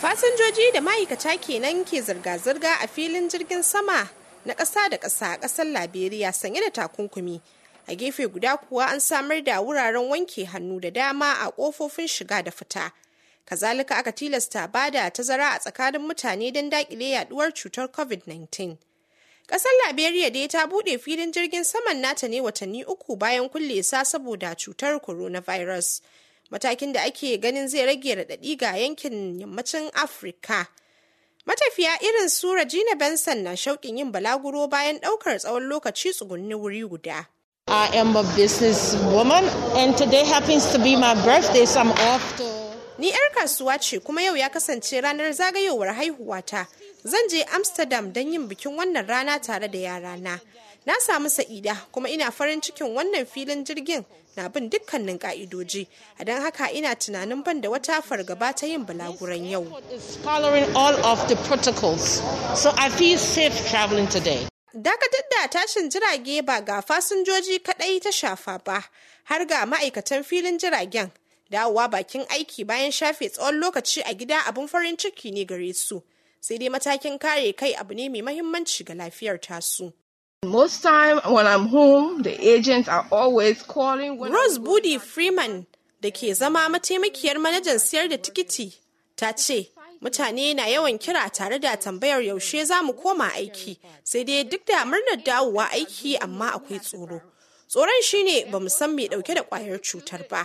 Fasinjoji da ma'aikata kenan ke zirga-zirga a filin jirgin sama na ƙasa da ƙasa a ƙasar Liberia sanye da takunkumi. A gefe guda kuwa an samar da wuraren wanke hannu da dama a ƙofofin shiga da fita. Kazalika aka tilasta bada tazara a tsakanin mutane don daƙile yaduwar cutar COVID-19. Ƙasar Liberia dai ta buɗe filin jirgin saman nata ne watanni uku bayan kulle sa saboda cutar coronavirus. Matakin da ake ganin zai rage raɗaɗi ga yankin yammacin Afirka. Matafiya irin su Regina Benson na shauƙin yin balaguro bayan ɗaukar tsawon lokaci tsugunni wuri guda. I am a business woman and today happens to be my birthday so I'm off to Ni 'yar kasuwa ce kuma yau ya kasance ranar zagayowar haihuwata. zan je amsterdam don yin bikin wannan rana tare da yarana na samu sa'ida kuma ina farin cikin wannan filin jirgin na bin dukkanin ka'idoji a don haka ina tunanin ban da wata fargaba ta yin balaguran yau dakatar da tashin jirage ba ga fasinjoji kadai ta shafa ba har ga ma'aikatan filin jiragen dawowa bakin aiki bayan shafe tsawon lokaci a gida abin farin ciki ne gare su sai dai matakin kare kai abu ne mai mahimmanci ga lafiyar tasu. Most time when I'm home, the agents are always calling. Rose Budi Freeman da ke zama mataimakiyar manajan siyar da tikiti ta ce, Mutane na yawan kira tare da tambayar yaushe za mu koma aiki, sai dai duk da murnar dawowa aiki amma akwai tsoro. Tsoron shine ba mu san mai dauke da kwayar cutar ba.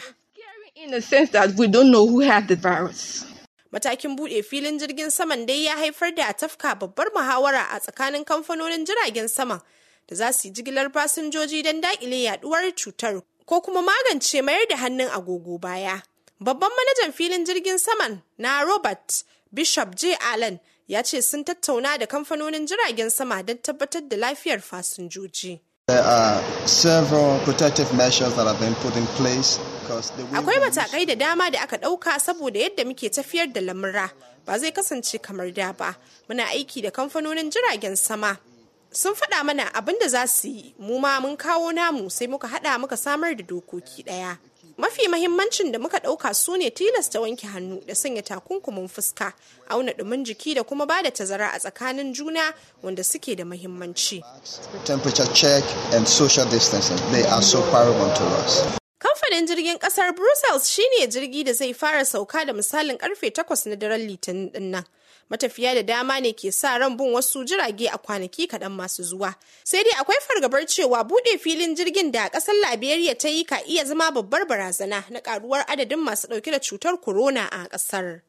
In the sense that we don't know who had the virus. Matakin buɗe filin jirgin saman dai ya haifar da a tafka babbar muhawara a tsakanin kamfanonin jiragen sama da za su yi jigilar fasinjoji don daƙile yaɗuwar cutar ko kuma magance mayar da hannun agogo baya. Babban manajan filin jirgin saman na Robert Bishop J. Allen ya ce sun tattauna da kamfanonin jiragen sama don tabbatar da lafiyar fasinjoji. Akwai matakai da dama da aka ɗauka saboda yadda muke tafiyar da lamura ba zai kasance kamar da ba. Muna aiki da kamfanonin jiragen sama. Sun faɗa mana abin da za su yi, mu ma mun kawo namu sai muka haɗa muka samar da dokoki ɗaya. mafi mahimmancin da muka ɗauka su ne tilasta wanke hannu da sanya takunkumin fuska auna ɗumin jiki da kuma ba da tazara a tsakanin juna wanda suke da mahimmanci Kamfanin jirgin kasar Brussels shine jirgi da zai fara sauka da misalin karfe 8 na daren Litinin dinnan. Matafiya da dama ne ke sa ran bin wasu jirage a kwanaki kaɗan masu zuwa. Sai dai akwai fargabar cewa buɗe filin jirgin da ƙasar Liberia ta yi ka iya zama babbar barazana na ƙaruwar adadin masu ɗauke da cutar corona a ƙasar.